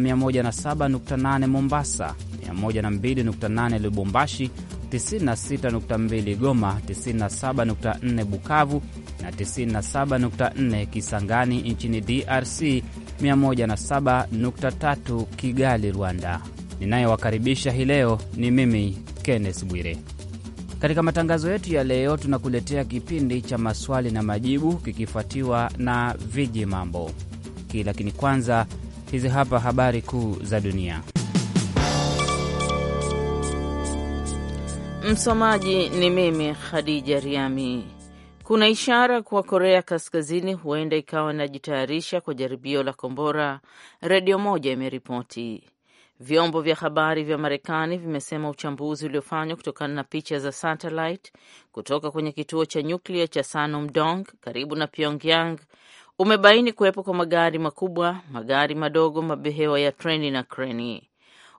na 107.8 Mombasa, 102.8 Lubumbashi, 96.2 Goma, 97.4 Bukavu na 97.4 Kisangani nchini DRC, 107.3 Kigali, Rwanda. Ninayewakaribisha hii leo ni mimi Kenneth Bwire. Katika matangazo yetu ya leo, tunakuletea kipindi cha maswali na majibu kikifuatiwa na viji mambo lakini kwanza Hizi hapa habari kuu za dunia. Msomaji ni mimi Khadija Riami. Kuna ishara kuwa Korea Kaskazini huenda ikawa inajitayarisha kwa jaribio la kombora, redio moja imeripoti. Vyombo vya habari vya Marekani vimesema uchambuzi uliofanywa kutokana na picha za satellite kutoka kwenye kituo cha nyuklia cha Sanumdong karibu na Pyongyang umebaini kuwepo kwa magari makubwa, magari madogo, mabehewa ya treni na kreni.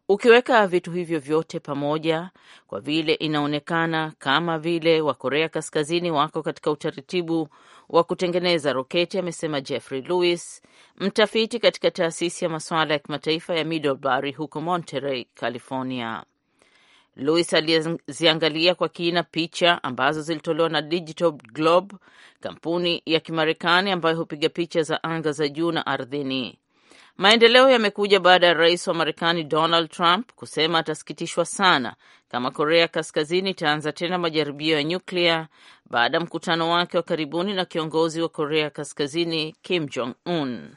Ukiweka vitu hivyo vyote pamoja, kwa vile inaonekana kama vile wa korea Kaskazini wako katika utaratibu wa kutengeneza roketi, amesema Jeffrey Lewis, mtafiti katika taasisi ya masuala ya kimataifa ya Middlebury huko Monterey, California. Louis aliziangalia kwa kina picha ambazo zilitolewa na Digital Globe, kampuni ya Kimarekani ambayo hupiga picha za anga za juu na ardhini. Maendeleo yamekuja baada ya rais wa Marekani Donald Trump kusema atasikitishwa sana kama Korea Kaskazini itaanza tena majaribio ya nyuklia baada ya mkutano wake wa karibuni na kiongozi wa Korea Kaskazini Kim Jong Un.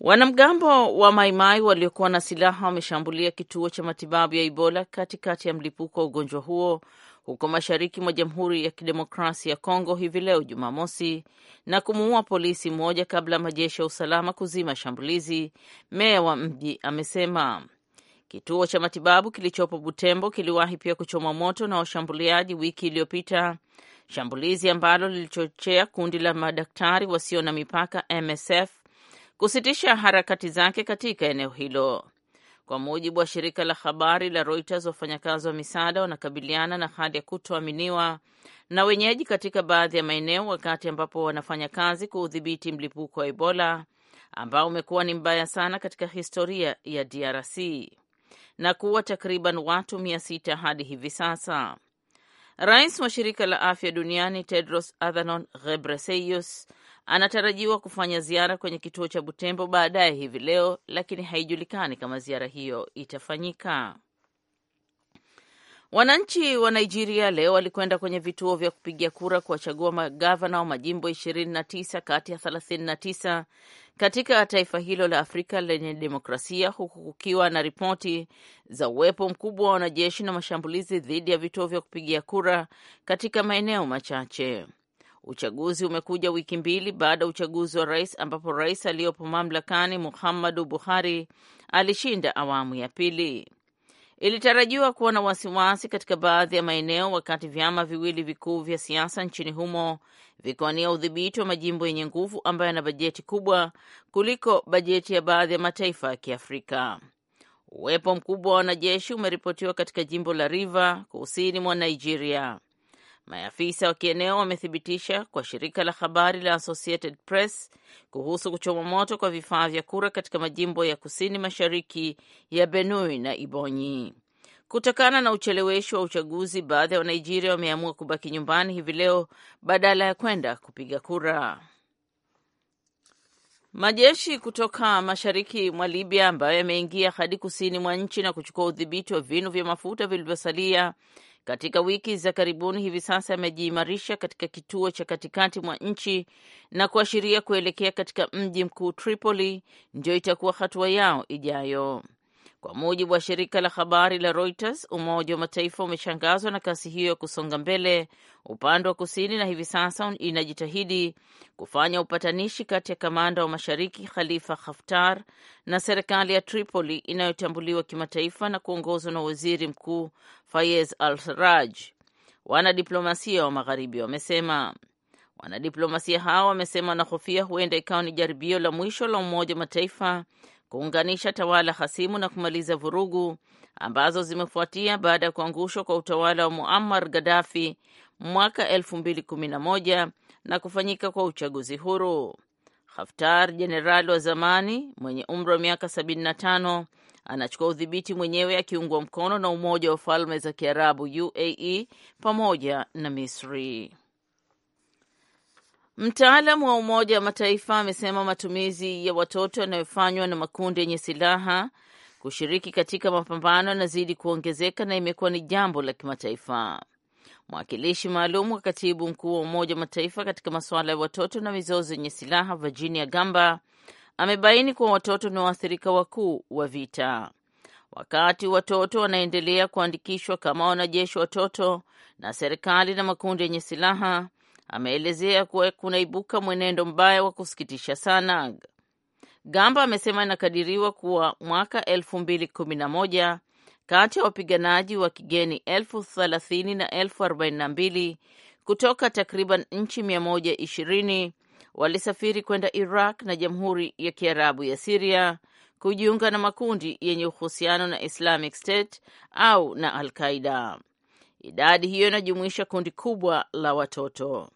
Wanamgambo wa Maimai waliokuwa na silaha wameshambulia kituo cha matibabu ya Ebola katikati ya mlipuko wa ugonjwa huo huko mashariki mwa Jamhuri ya Kidemokrasia ya Kongo hivi leo Jumamosi na kumuua polisi mmoja kabla ya majeshi ya usalama kuzima shambulizi, meya wa mji amesema. Kituo cha matibabu kilichopo Butembo kiliwahi pia kuchomwa moto na washambuliaji wiki iliyopita, shambulizi ambalo lilichochea kundi la madaktari wasio na mipaka MSF kusitisha harakati zake katika eneo hilo. Kwa mujibu wa shirika la habari la Reuters, wafanyakazi wa misaada wanakabiliana na hali ya kutoaminiwa na wenyeji katika baadhi ya maeneo, wakati ambapo wanafanya kazi kuudhibiti mlipuko wa Ebola ambao umekuwa ni mbaya sana katika historia ya DRC na kuwa takriban watu mia sita hadi hivi sasa. Rais wa shirika la afya duniani Tedros Adhanom Ghebreyesus anatarajiwa kufanya ziara kwenye kituo cha Butembo baadaye hivi leo, lakini haijulikani kama ziara hiyo itafanyika. Wananchi wa Nigeria leo walikwenda kwenye vituo vya kupigia kura kuwachagua magavana wa majimbo 29 kati ya 39 katika taifa hilo la Afrika lenye demokrasia, huku kukiwa na ripoti za uwepo mkubwa wa wanajeshi na mashambulizi dhidi ya vituo vya kupigia kura katika maeneo machache. Uchaguzi umekuja wiki mbili baada ya uchaguzi wa rais ambapo rais aliyopo mamlakani Muhammadu Buhari alishinda awamu ya pili. Ilitarajiwa kuwa na wasiwasi katika baadhi ya maeneo wakati vyama viwili vikuu vya siasa nchini humo vikiwania udhibiti wa majimbo yenye nguvu ambayo yana bajeti kubwa kuliko bajeti ya baadhi ya mataifa ya Kiafrika. Uwepo mkubwa wa wanajeshi umeripotiwa katika jimbo la River kusini mwa Nigeria. Maafisa wa kieneo wamethibitisha kwa shirika la habari la Associated Press kuhusu kuchoma moto kwa vifaa vya kura katika majimbo ya kusini mashariki ya Benue na Ibonyi. Kutokana na ucheleweshi wa uchaguzi, baadhi ya Wanigeria wameamua kubaki nyumbani hivi leo badala ya kwenda kupiga kura. Majeshi kutoka mashariki mwa Libya ambayo yameingia hadi kusini mwa nchi na kuchukua udhibiti wa vinu vya mafuta vilivyosalia katika wiki za karibuni hivi sasa yamejiimarisha katika kituo cha katikati mwa nchi na kuashiria kuelekea katika mji mkuu Tripoli, ndio itakuwa hatua yao ijayo. Kwa mujibu wa shirika la habari la Reuters, Umoja wa Mataifa umeshangazwa na kasi hiyo ya kusonga mbele upande wa kusini na hivi sasa inajitahidi kufanya upatanishi kati ya kamanda wa mashariki Khalifa Haftar na serikali ya Tripoli inayotambuliwa kimataifa na kuongozwa na waziri mkuu Fayez al-Sarraj. Wanadiplomasia wa magharibi wamesema wanadiplomasia hao wamesema wanahofia huenda ikawa ni jaribio la mwisho la Umoja wa Mataifa kuunganisha tawala hasimu na kumaliza vurugu ambazo zimefuatia baada ya kuangushwa kwa utawala wa Muammar Gaddafi mwaka 2011 na kufanyika kwa uchaguzi huru. Haftar, jenerali wa zamani mwenye umri wa miaka 75, anachukua udhibiti mwenyewe akiungwa mkono na Umoja wa Falme za Kiarabu UAE pamoja na Misri. Mtaalamu wa Umoja wa Mataifa amesema matumizi ya watoto yanayofanywa na makundi yenye silaha kushiriki katika mapambano yanazidi kuongezeka na imekuwa ni jambo la kimataifa. Mwakilishi maalum wa katibu mkuu wa Umoja wa Mataifa katika masuala ya watoto na mizozo yenye silaha Virginia Gamba amebaini kuwa watoto ni waathirika wakuu wa vita. Wakati watoto wanaendelea kuandikishwa kama wanajeshi watoto na serikali na makundi yenye silaha, ameelezea kuwa kunaibuka mwenendo mbaya wa kusikitisha sana. Gamba amesema inakadiriwa kuwa mwaka elfu mbili kumi na moja kati ya wapiganaji wa kigeni elfu thelathini na elfu arobaini na mbili kutoka takriban nchi mia moja ishirini walisafiri kwenda Iraq na Jamhuri ya Kiarabu ya Siria kujiunga na makundi yenye uhusiano na Islamic State au na Al Qaida. Idadi hiyo inajumuisha kundi kubwa la watoto.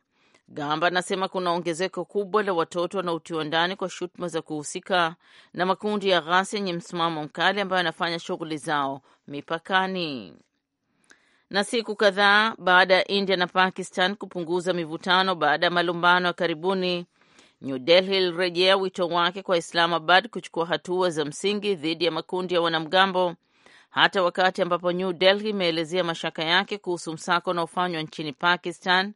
Gamba anasema kuna ongezeko kubwa la watoto wanaotiwa ndani kwa shutuma za kuhusika na makundi ya ghasia yenye msimamo mkali ambayo yanafanya shughuli zao mipakani. Na siku kadhaa baada ya India na Pakistan kupunguza mivutano baada ya malumbano ya karibuni, New Delhi ilirejea wito wake kwa Islamabad kuchukua hatua za msingi dhidi ya makundi ya wanamgambo hata wakati ambapo New Delhi imeelezea mashaka yake kuhusu msako unaofanywa nchini Pakistan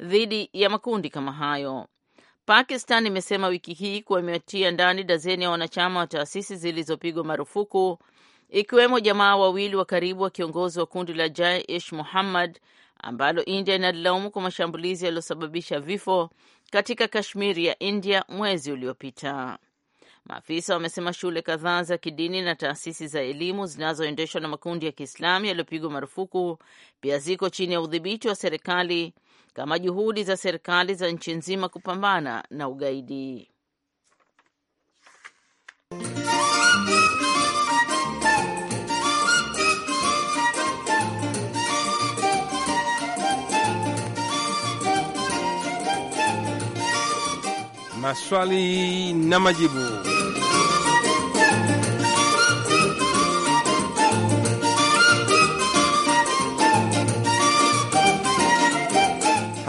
dhidi ya makundi kama hayo. Pakistan imesema wiki hii kuwa imetia ndani dazeni ya wanachama wa taasisi zilizopigwa marufuku ikiwemo jamaa wawili wa karibu wa kiongozi wa kundi la Jaish Muhammad ambalo India inalilaumu kwa mashambulizi yaliyosababisha vifo katika Kashmiri ya India mwezi uliopita. Maafisa wamesema shule kadhaa za kidini na taasisi za elimu zinazoendeshwa na makundi ya Kiislamu yaliyopigwa marufuku pia ziko chini ya udhibiti wa serikali kama juhudi za serikali za nchi nzima kupambana na ugaidi. Maswali na majibu.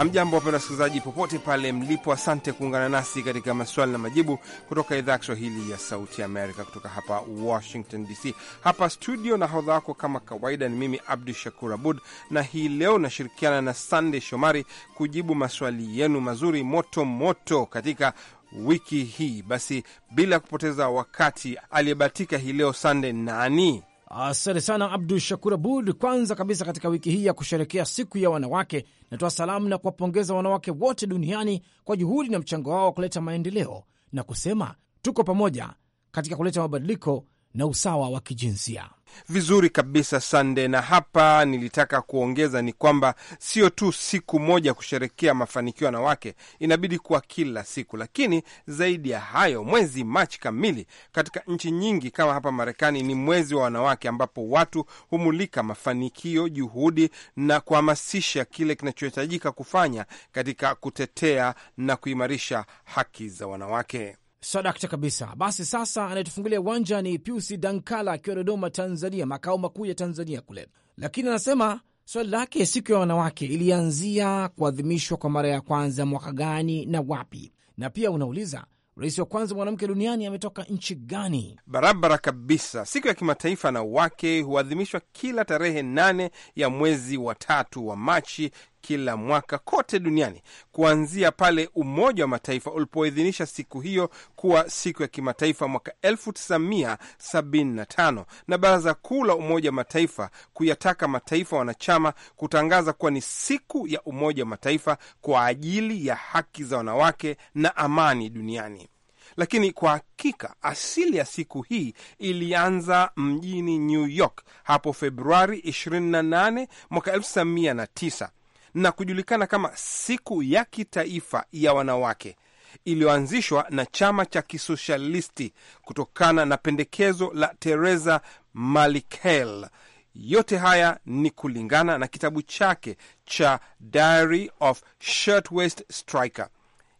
Hamjambo, wapenda wasikilizaji popote pale mlipo, asante kuungana nasi katika maswali na majibu kutoka idhaa ya Kiswahili ya Sauti ya Amerika, kutoka hapa Washington DC. Hapa studio na hodha wako kama kawaida ni mimi Abdu Shakur Abud, na hii leo nashirikiana na sandey Shomari kujibu maswali yenu mazuri moto moto katika wiki hii. Basi bila kupoteza wakati, aliyebatika hii leo Sande nani? Asante sana Abdu Shakur Abud. Kwanza kabisa, katika wiki hii ya kusherekea siku ya wanawake, natoa salamu na kuwapongeza wanawake wote duniani kwa juhudi na mchango wao wa kuleta maendeleo na kusema tuko pamoja katika kuleta mabadiliko na usawa wa kijinsia. Vizuri kabisa, Sande. Na hapa nilitaka kuongeza ni kwamba sio tu siku moja kusherekea mafanikio ya wanawake, inabidi kuwa kila siku. Lakini zaidi ya hayo, mwezi Machi kamili katika nchi nyingi kama hapa Marekani ni mwezi wa wanawake, ambapo watu humulika mafanikio, juhudi na kuhamasisha kile kinachohitajika kufanya katika kutetea na kuimarisha haki za wanawake. Sadakta kabisa. Basi sasa anayetufungulia uwanja ni Piusi Dankala akiwa Dodoma, Tanzania, makao makuu ya Tanzania kule, lakini anasema swali lake, siku ya wanawake ilianzia kuadhimishwa kwa mara ya kwanza mwaka gani na wapi, na pia unauliza rais wa kwanza mwanamke duniani ametoka nchi gani? Barabara kabisa. Siku ya kimataifa na wanawake huadhimishwa kila tarehe nane ya mwezi wa tatu wa Machi kila mwaka kote duniani kuanzia pale Umoja wa Mataifa ulipoidhinisha siku hiyo kuwa siku ya kimataifa mwaka 1975 na Baraza Kuu la Umoja wa Mataifa kuyataka mataifa wanachama kutangaza kuwa ni siku ya Umoja wa Mataifa kwa ajili ya haki za wanawake na amani duniani. Lakini kwa hakika asili ya siku hii ilianza mjini New York hapo Februari 28 mwaka 1909 na kujulikana kama siku ya kitaifa ya wanawake iliyoanzishwa na chama cha kisoshalisti kutokana na pendekezo la Teresa Malikel. Yote haya ni kulingana na kitabu chake cha Diary of Shirtwaist Striker.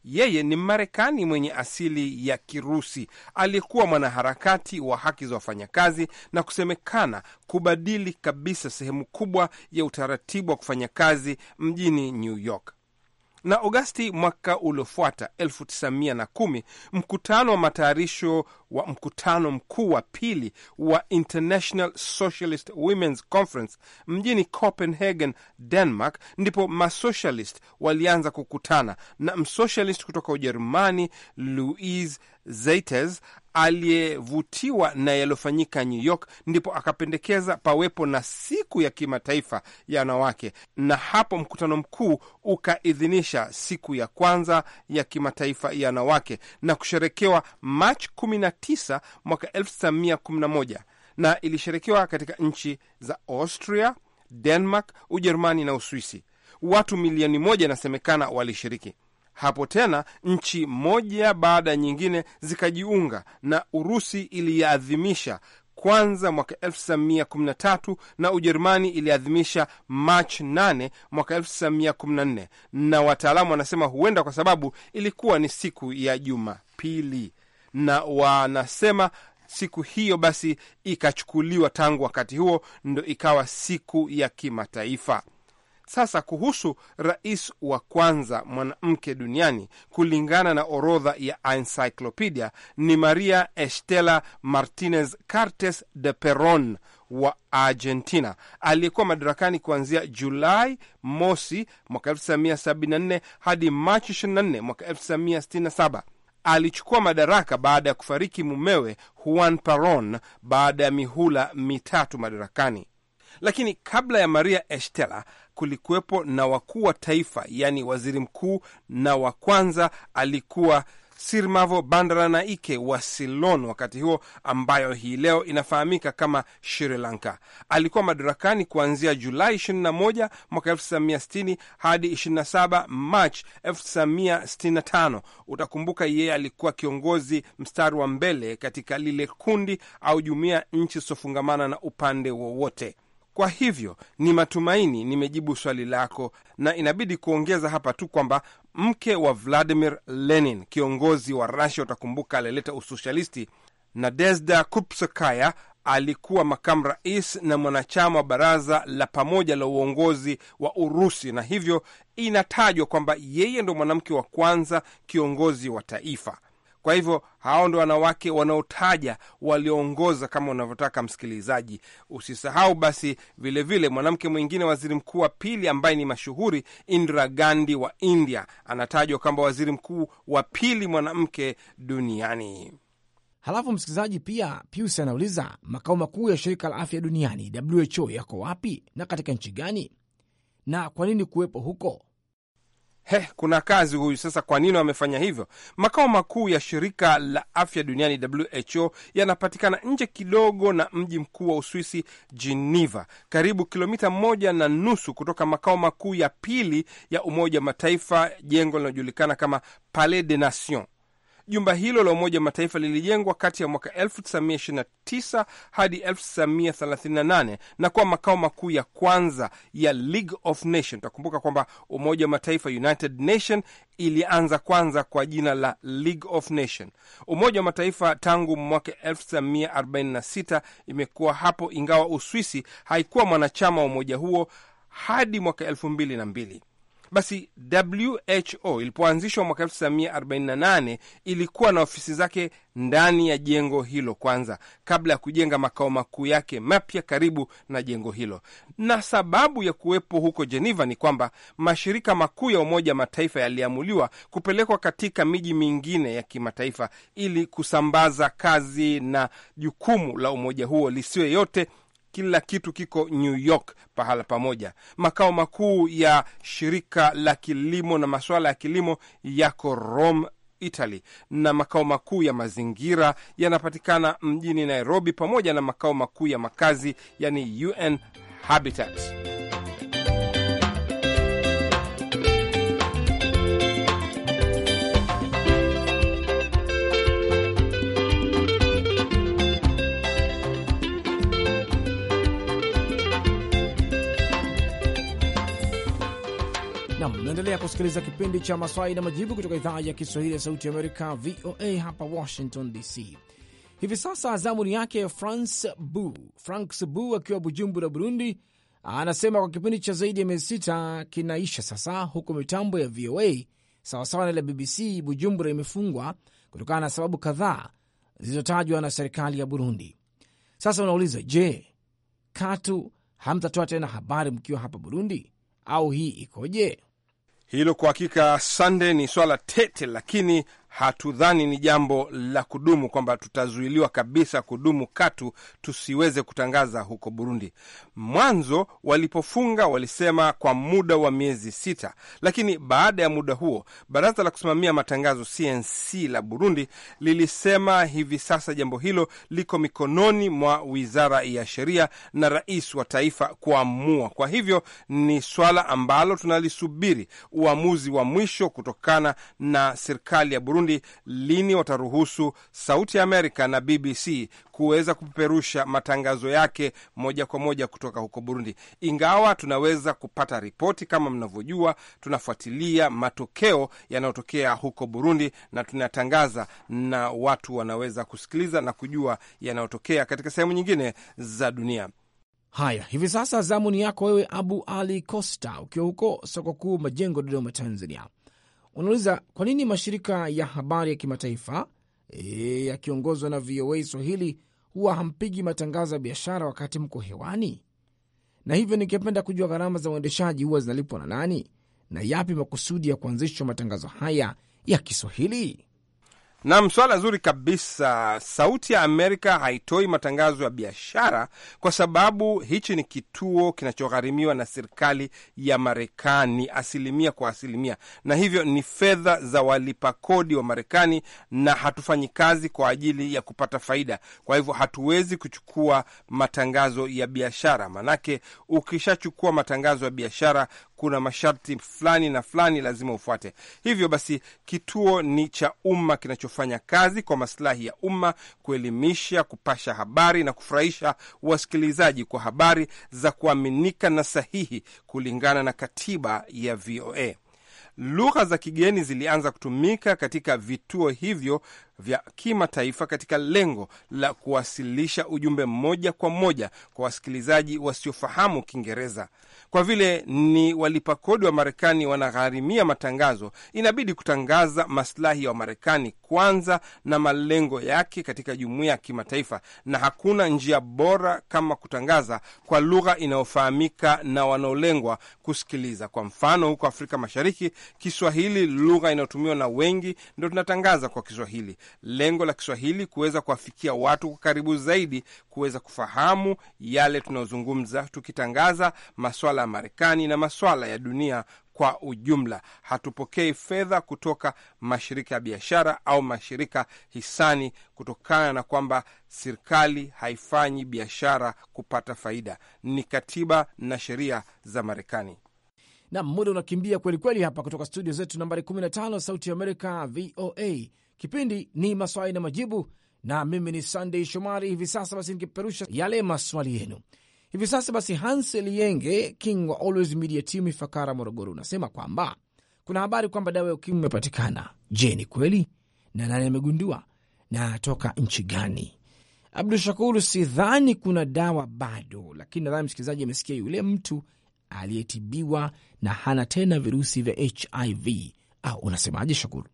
Yeye ni Mmarekani mwenye asili ya Kirusi, aliyekuwa mwanaharakati wa haki za wafanyakazi na kusemekana kubadili kabisa sehemu kubwa ya utaratibu wa kufanya kazi mjini New York na Agosti mwaka uliofuata 1910 mkutano wa matayarisho wa mkutano mkuu wa pili wa International Socialist Women's Conference mjini Copenhagen, Denmark, ndipo masocialist walianza kukutana, na msocialist kutoka Ujerumani Louise Zeites aliyevutiwa na yaliyofanyika New York, ndipo akapendekeza pawepo na siku ya kimataifa ya wanawake, na hapo mkutano mkuu ukaidhinisha siku ya kwanza ya kimataifa ya wanawake na kusherekewa Machi 19 mwaka 1911 na ilisherekewa katika nchi za Austria, Denmark, Ujerumani na Uswisi. Watu milioni moja inasemekana walishiriki. Hapo tena nchi moja baada ya nyingine zikajiunga, na Urusi iliadhimisha kwanza mwaka 1913 na Ujerumani iliadhimisha Machi 8 mwaka 1914, na wataalamu wanasema huenda kwa sababu ilikuwa ni siku ya Jumapili, na wanasema siku hiyo basi ikachukuliwa tangu wakati huo ndo ikawa siku ya kimataifa. Sasa kuhusu rais wa kwanza mwanamke duniani kulingana na orodha ya encyclopedia ni Maria Estela Martinez Cartes de Peron wa Argentina aliyekuwa madarakani kuanzia Julai mosi mwaka 1974 hadi Machi 24 mwaka 1967. Alichukua madaraka baada ya kufariki mumewe Juan Peron baada ya mihula mitatu madarakani. Lakini kabla ya Maria Estela kulikuwepo na wakuu wa taifa, yaani waziri mkuu, na wa kwanza alikuwa Sirimavo Bandaranaike wa Ceylon wakati huo, ambayo hii leo inafahamika kama Sri Lanka. Alikuwa madarakani kuanzia Julai 21 mwaka 1960 hadi 27 Machi 1965. Utakumbuka yeye alikuwa kiongozi mstari wa mbele katika lile kundi au jumuiya nchi zisizofungamana na upande wowote. Kwa hivyo ni matumaini nimejibu swali lako, na inabidi kuongeza hapa tu kwamba mke wa Vladimir Lenin, kiongozi wa Rasia, utakumbuka alileta usoshalisti, na Desda Kupskaya alikuwa makamu rais na mwanachama wa baraza la pamoja la uongozi wa Urusi, na hivyo inatajwa kwamba yeye ndo mwanamke wa kwanza kiongozi wa taifa. Kwa hivyo hao ndo wanawake wanaotaja walioongoza kama unavyotaka msikilizaji. Usisahau basi vilevile vile, mwanamke mwingine waziri mkuu wa pili ambaye ni mashuhuri Indira Gandhi wa India anatajwa kwamba waziri mkuu wa pili mwanamke duniani. Halafu msikilizaji, pia Pius anauliza makao makuu ya shirika la afya duniani WHO yako wapi na katika nchi gani, na kwa nini kuwepo huko Heh, kuna kazi huyu. Sasa kwa nini wamefanya hivyo? Makao makuu ya shirika la afya duniani WHO yanapatikana nje kidogo na mji mkuu wa Uswisi, Geneva, karibu kilomita moja na nusu kutoka makao makuu ya pili ya Umoja wa Mataifa, jengo linalojulikana kama Palais des Nations. Jumba hilo la Umoja wa Mataifa lilijengwa kati ya mwaka 1929 hadi 1938 na kuwa makao makuu ya kwanza ya League of Nations. Utakumbuka kwamba Umoja wa Mataifa, United Nation, ilianza kwanza kwa jina la League of Nation. Umoja wa Mataifa tangu mwaka 1946 imekuwa hapo, ingawa Uswisi haikuwa mwanachama wa umoja huo hadi mwaka elfu mbili na mbili. Basi WHO ilipoanzishwa mwaka 1948 ilikuwa na ofisi zake ndani ya jengo hilo kwanza, kabla ya kujenga makao makuu yake mapya karibu na jengo hilo. Na sababu ya kuwepo huko Geneva ni kwamba mashirika makuu ya Umoja Mataifa yaliamuliwa kupelekwa katika miji mingine ya kimataifa ili kusambaza kazi na jukumu la umoja huo lisiwe yote kila kitu kiko New York pahala pamoja. Makao makuu ya shirika la kilimo na masuala ya kilimo yako Rome, Italy, na makao makuu ya mazingira yanapatikana mjini Nairobi, pamoja na makao makuu ya makazi, yani UN Habitat. Unaendelea kusikiliza kipindi cha maswali na majibu kutoka idhaa ya Kiswahili ya Sauti Amerika, VOA hapa Washington DC. Hivi sasa zamu ni yake Franc Bu. Franc Bu akiwa Bujumbura, Burundi, anasema kwa kipindi cha zaidi ya miezi sita kinaisha sasa, huku mitambo ya VOA sawasawa na ile BBC Bujumbura imefungwa kutokana na sababu kadhaa zilizotajwa na serikali ya Burundi. Sasa unauliza, je, katu hamtatoa tena habari mkiwa hapa Burundi au hii ikoje? Hilo kwa hakika, Sande, ni swala tete, lakini hatudhani ni jambo la kudumu, kwamba tutazuiliwa kabisa kudumu katu tusiweze kutangaza huko Burundi. Mwanzo walipofunga walisema kwa muda wa miezi sita, lakini baada ya muda huo baraza la kusimamia matangazo CNC la Burundi lilisema hivi sasa jambo hilo liko mikononi mwa wizara ya sheria na rais wa taifa kuamua. Kwa hivyo ni swala ambalo tunalisubiri uamuzi wa mwisho kutokana na serikali ya Burundi Burundi lini wataruhusu Sauti ya Amerika na BBC kuweza kupeperusha matangazo yake moja kwa moja kutoka huko Burundi, ingawa tunaweza kupata ripoti. Kama mnavyojua, tunafuatilia matokeo yanayotokea huko Burundi na tunatangaza, na watu wanaweza kusikiliza na kujua yanayotokea katika sehemu nyingine za dunia. Haya, hivi sasa zamu ni yako wewe, Abu Ali Costa, ukiwa huko soko kuu Majengo, Dodoma, Tanzania unauliza kwa nini mashirika ya habari ya kimataifa e, yakiongozwa na VOA Swahili huwa hampigi matangazo ya biashara wakati mko hewani, na hivyo ningependa kujua gharama za uendeshaji huwa zinalipwa na nani na yapi makusudi ya kuanzishwa matangazo haya ya Kiswahili? Nam, swala zuri kabisa. Sauti ya Amerika haitoi matangazo ya biashara kwa sababu hichi ni kituo kinachogharimiwa na serikali ya Marekani asilimia kwa asilimia, na hivyo ni fedha za walipa kodi wa Marekani, na hatufanyi kazi kwa ajili ya kupata faida. Kwa hivyo hatuwezi kuchukua matangazo ya biashara, manake ukishachukua matangazo ya biashara kuna masharti fulani na fulani lazima ufuate. Hivyo basi, kituo ni cha umma kinachofanya kazi kwa masilahi ya umma, kuelimisha, kupasha habari na kufurahisha wasikilizaji kwa habari za kuaminika na sahihi kulingana na katiba ya VOA. Lugha za kigeni zilianza kutumika katika vituo hivyo vya kimataifa katika lengo la kuwasilisha ujumbe moja kwa moja kwa wasikilizaji wasiofahamu Kiingereza. Kwa vile ni walipa kodi wa Marekani wanagharimia matangazo, inabidi kutangaza maslahi ya wa Wamarekani kwanza na malengo yake katika jumuiya ya kimataifa, na hakuna njia bora kama kutangaza kwa lugha inayofahamika na wanaolengwa kusikiliza. Kwa mfano, huko Afrika Mashariki Kiswahili, lugha inayotumiwa na wengi, ndo tunatangaza kwa Kiswahili lengo la Kiswahili kuweza kuwafikia watu kwa karibu zaidi, kuweza kufahamu yale tunayozungumza, tukitangaza maswala ya Marekani na maswala ya dunia kwa ujumla. Hatupokei fedha kutoka mashirika ya biashara au mashirika hisani, kutokana na kwamba serikali haifanyi biashara kupata faida. Ni katiba na sheria za Marekani. Nam, muda unakimbia kwelikweli hapa kutoka studio zetu nambari 15 Sauti ya Amerika, VOA. Kipindi ni maswali na majibu, na mimi ni sandey Shomari. Hivi sasa basi nikipeperusha yale maswali yenu hivi sasa. Basi Hansel Yenge King wa Always Media Team Ifakara, Morogoro, unasema kwamba kuna habari kwamba dawa ya ukimwi imepatikana. Je, ni kweli na nani amegundua na toka nchi gani? Abdu Shakuru, sidhani kuna dawa bado, lakini nadhani msikilizaji amesikia yule mtu aliyetibiwa na hana tena virusi vya HIV, au unasemaje Shakuru?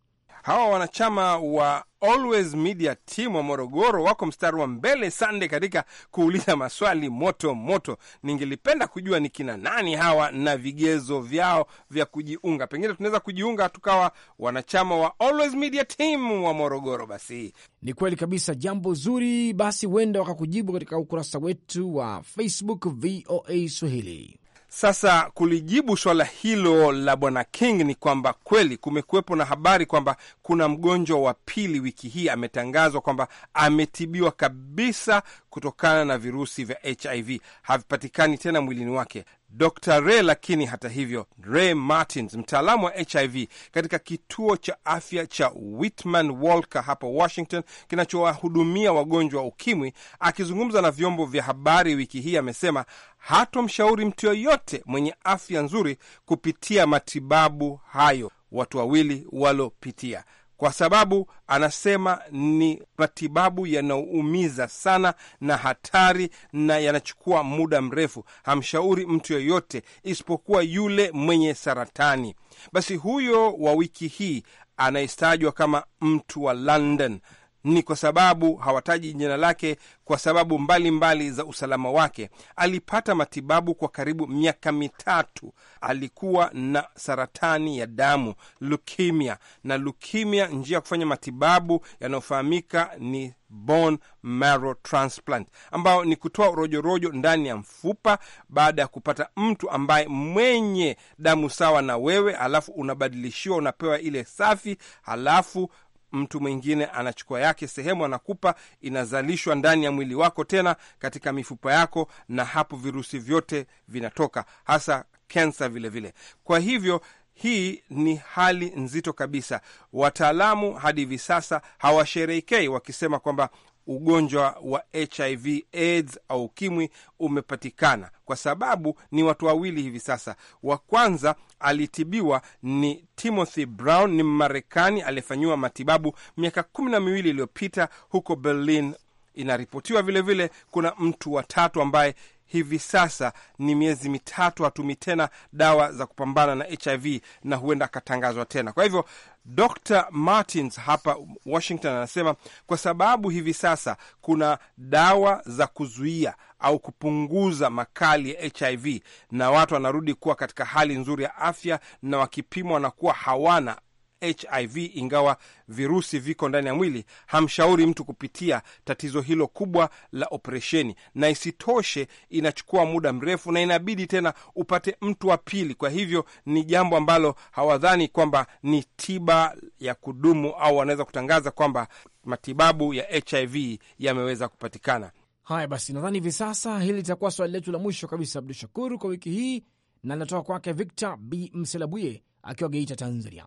Hawa wanachama wa Always Media Team wa Morogoro wako mstari wa mbele sande katika kuuliza maswali moto moto. Ningelipenda kujua ni kina nani hawa na vigezo vyao vya kujiunga. Pengine tunaweza kujiunga tukawa wanachama wa Always Media Team wa Morogoro. Basi ni kweli kabisa, jambo zuri. Basi huenda wakakujibu katika ukurasa wetu wa Facebook VOA Swahili. Sasa kulijibu swala hilo la bwana King ni kwamba kweli kumekuwepo na habari kwamba kuna mgonjwa wa pili wiki hii ametangazwa kwamba ametibiwa kabisa kutokana na virusi vya HIV, havipatikani tena mwilini wake. Dr Ray, lakini hata hivyo, Ray Martins, mtaalamu wa HIV katika kituo cha afya cha Whitman Walker hapa Washington, kinachowahudumia wagonjwa wa ukimwi, akizungumza na vyombo vya habari wiki hii amesema hatomshauri mtu yoyote mwenye afya nzuri kupitia matibabu hayo watu wawili walopitia, kwa sababu anasema ni matibabu yanaoumiza sana na hatari na yanachukua muda mrefu. Hamshauri mtu yoyote isipokuwa yule mwenye saratani. Basi huyo wa wiki hii anayetajwa kama mtu wa London ni kwa sababu hawataji jina lake kwa sababu mbalimbali mbali za usalama wake. Alipata matibabu kwa karibu miaka mitatu. Alikuwa na saratani ya damu leukemia, na leukemia, njia ya kufanya matibabu yanayofahamika ni bone marrow transplant, ambayo ni kutoa urojorojo ndani ya mfupa baada ya kupata mtu ambaye mwenye damu sawa na wewe, alafu unabadilishiwa, unapewa ile safi, halafu mtu mwingine anachukua yake sehemu, anakupa, inazalishwa ndani ya mwili wako tena katika mifupa yako, na hapo virusi vyote vinatoka, hasa kensa vilevile. Kwa hivyo hii ni hali nzito kabisa. Wataalamu hadi hivi sasa hawasherehekei wakisema kwamba ugonjwa wa HIV AIDS au ukimwi umepatikana, kwa sababu ni watu wawili hivi sasa. Wa kwanza alitibiwa ni Timothy Brown, ni marekani aliyefanyiwa matibabu miaka kumi na miwili iliyopita huko Berlin. Inaripotiwa vilevile kuna mtu watatu ambaye hivi sasa ni miezi mitatu hatumi tena dawa za kupambana na HIV na huenda akatangazwa tena. Kwa hivyo Dr Martins hapa Washington anasema kwa sababu hivi sasa kuna dawa za kuzuia au kupunguza makali ya HIV na watu wanarudi kuwa katika hali nzuri ya afya, na wakipimwa wanakuwa hawana HIV ingawa virusi viko ndani ya mwili, hamshauri mtu kupitia tatizo hilo kubwa la operesheni, na isitoshe inachukua muda mrefu na inabidi tena upate mtu wa pili. Kwa hivyo ni jambo ambalo hawadhani kwamba ni tiba ya kudumu au wanaweza kutangaza kwamba matibabu ya HIV yameweza kupatikana. Haya basi, nadhani hivi sasa hili litakuwa swali letu la mwisho kabisa, Abdu Shakuru, kwa wiki hii, na linatoka kwake Victor B Mselabuye akiwa Geita, Tanzania.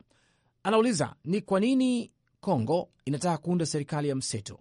Anauliza ni kwa nini Kongo inataka kuunda serikali ya mseto.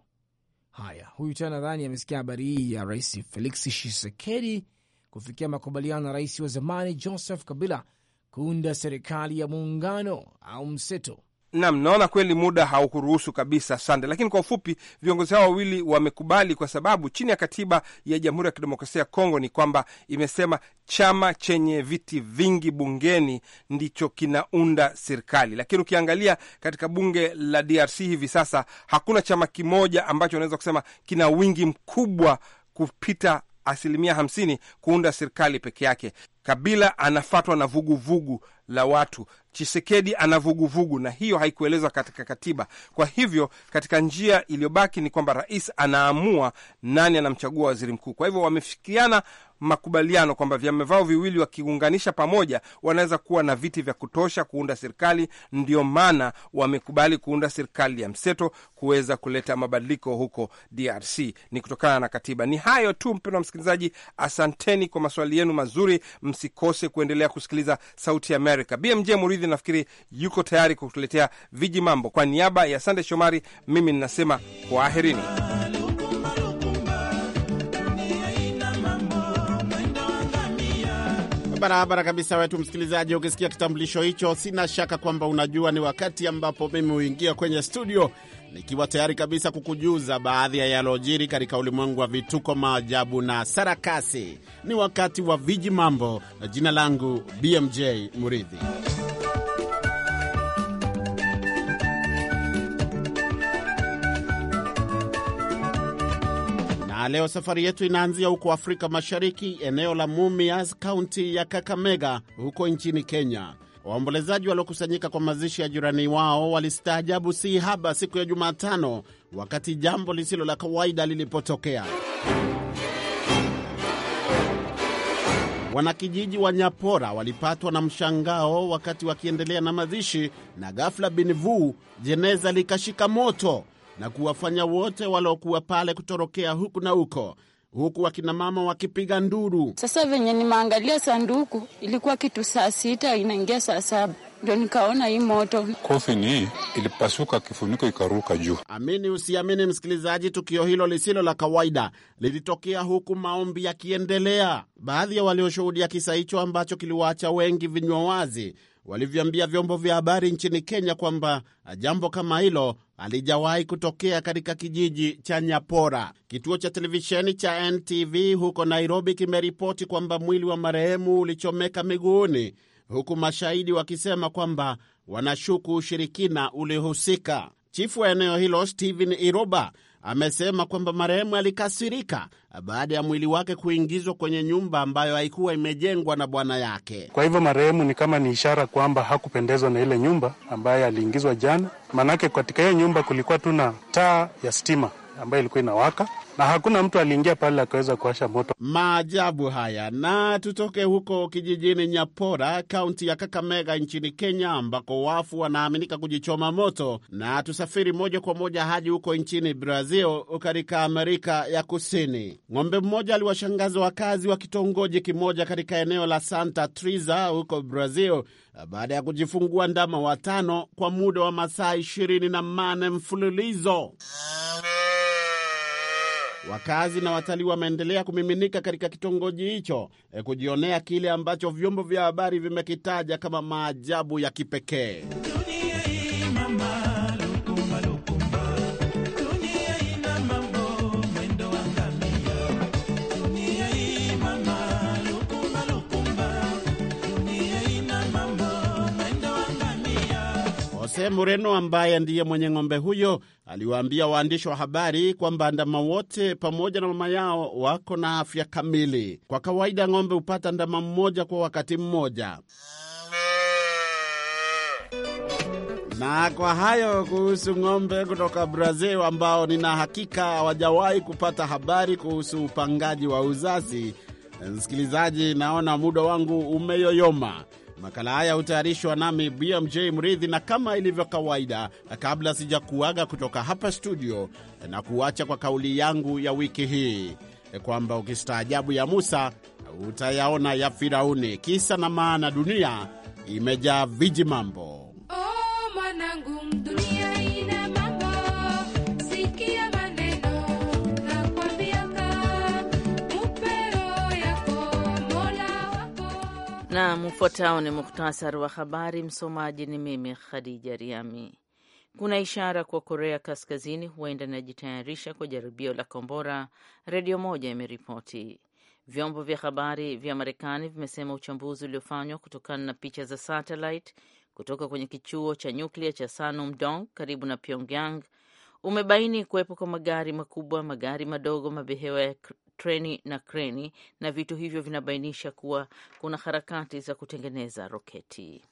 Haya, huyu tena nadhani amesikia habari hii ya Rais Felix Tshisekedi kufikia makubaliano na rais wa zamani Joseph Kabila kuunda serikali ya muungano au mseto Nam, naona kweli muda haukuruhusu kabisa, Sande, lakini kwa ufupi, viongozi hao wawili wamekubali, kwa sababu chini ya katiba ya Jamhuri ya Kidemokrasia ya Kongo ni kwamba imesema chama chenye viti vingi bungeni ndicho kinaunda serikali. Lakini ukiangalia katika bunge la DRC hivi sasa hakuna chama kimoja ambacho unaweza kusema kina wingi mkubwa kupita asilimia hamsini kuunda serikali peke yake. Kabila anafatwa na vuguvugu vugu la watu, Chisekedi ana vuguvugu, na hiyo haikuelezwa katika katiba. Kwa hivyo katika njia iliyobaki ni kwamba rais anaamua nani anamchagua waziri mkuu. Kwa hivyo wamefikiana makubaliano kwamba vyama vyao viwili wakiunganisha pamoja wanaweza kuwa na viti vya kutosha kuunda serikali. Ndio maana wamekubali kuunda serikali ya mseto kuweza kuleta mabadiliko huko DRC, ni kutokana na katiba. Ni hayo tu, mpendwa msikilizaji, asanteni kwa maswali yenu mazuri msikose kuendelea kusikiliza Sauti Amerika. BMJ Muridhi nafikiri yuko tayari kutuletea viji mambo. Kwa niaba ya Sande Shomari, mimi ninasema kwaherini. Barabara kabisa wetu msikilizaji, ukisikia kitambulisho hicho, sina shaka kwamba unajua ni wakati ambapo mimi huingia kwenye studio nikiwa tayari kabisa kukujuza baadhi ya yalojiri katika ulimwengu wa vituko, maajabu na sarakasi. Ni wakati wa viji mambo. Jina langu BMJ Muridhi. leo safari yetu inaanzia huko Afrika Mashariki, eneo la Mumias, kaunti ya Kakamega, huko nchini Kenya. Waombolezaji waliokusanyika kwa mazishi ya jirani wao walistaajabu si haba siku ya Jumatano wakati jambo lisilo la kawaida lilipotokea. Wanakijiji wa Nyapora walipatwa na mshangao wakati wakiendelea na mazishi, na ghafla binvu jeneza likashika moto na kuwafanya wote waliokuwa pale kutorokea huku na huko, huku wakinamama wakipiga nduru. Sasa venye nimeangalia sanduku ilikuwa kitu saa sita inaingia saa saba ndio nikaona hii moto kofini hii ilipasuka, kifuniko ikaruka juu. Amini usiamini, msikilizaji, tukio hilo lisilo la kawaida lilitokea huku maombi yakiendelea. Baadhi ya walioshuhudia kisa hicho ambacho kiliwaacha wengi vinywa wazi walivyoambia vyombo vya habari nchini Kenya kwamba ah, jambo kama hilo halijawahi kutokea katika kijiji cha Nyapora. Kituo cha televisheni cha NTV huko Nairobi kimeripoti kwamba mwili wa marehemu ulichomeka miguuni, huku mashahidi wakisema kwamba wanashuku ushirikina ulihusika. Chifu wa eneo hilo Stephen Iroba amesema kwamba marehemu alikasirika baada ya mwili wake kuingizwa kwenye nyumba ambayo haikuwa imejengwa na bwana yake. Kwa hivyo marehemu ni kama ni ishara kwamba hakupendezwa na ile nyumba ambayo aliingizwa jana, maanake katika hiyo nyumba kulikuwa tu na taa ya stima ambayo ilikuwa inawaka na hakuna mtu aliingia pale akaweza kuwasha moto. Maajabu haya. Na tutoke huko kijijini Nyapora, kaunti ya Kakamega nchini Kenya, ambako wafu wanaaminika kujichoma moto, na tusafiri moja kwa moja hadi huko nchini Brazil, katika Amerika ya Kusini. Ng'ombe mmoja aliwashangaza wakazi wa kitongoji kimoja katika eneo la Santa Triza huko Brazil baada ya kujifungua ndama watano kwa muda wa masaa ishirini na mane mfululizo. Wakazi na watalii wameendelea kumiminika katika kitongoji hicho e, kujionea kile ambacho vyombo vya habari vimekitaja kama maajabu ya kipekee. Jose Moreno ambaye ndiye mwenye ng'ombe huyo aliwaambia waandishi wa habari kwamba ndama wote pamoja na mama yao wako na afya kamili. Kwa kawaida ng'ombe hupata ndama mmoja kwa wakati mmoja. Na kwa hayo kuhusu ng'ombe kutoka Brazil ambao nina hakika hawajawahi kupata habari kuhusu upangaji wa uzazi. Msikilizaji, naona muda wangu umeyoyoma. Makala haya hutayarishwa nami BMJ Mridhi, na kama ilivyo kawaida, kabla sijakuaga kutoka hapa studio, na kuacha kwa kauli yangu ya wiki hii kwamba ukistaajabu ya Musa utayaona ya Firauni. Kisa na maana, dunia imejaa viji mambo. Oh, Na ufuatao ni muhtasari wa habari. Msomaji ni mimi Khadija Riami. Kuna ishara kwa Korea Kaskazini huenda inajitayarisha kwa jaribio la kombora, redio moja imeripoti. Vyombo vya habari vya Marekani vimesema uchambuzi uliofanywa kutokana na picha za satellite kutoka kwenye kichuo cha nyuklia cha Sanumdong karibu na Pyongyang umebaini kuwepo kwa magari makubwa, magari madogo, mabehewa ya treni na kreni, na vitu hivyo vinabainisha kuwa kuna harakati za kutengeneza roketi.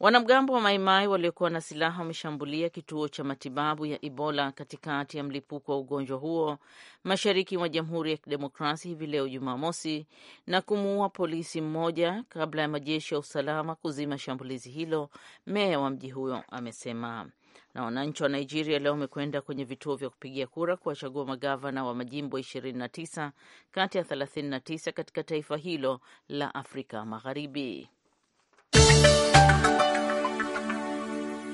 Wanamgambo wa Maimai waliokuwa na silaha wameshambulia kituo cha matibabu ya Ebola katikati ya mlipuko wa ugonjwa huo mashariki mwa Jamhuri ya kidemokrasi hivi leo Jumamosi na kumuua polisi mmoja kabla ya majeshi ya usalama kuzima shambulizi hilo, meya wa mji huyo amesema na wananchi wa Nigeria leo wamekwenda kwenye vituo vya kupigia kura kuwachagua magavana wa majimbo 29 kati ya 39 katika taifa hilo la Afrika Magharibi.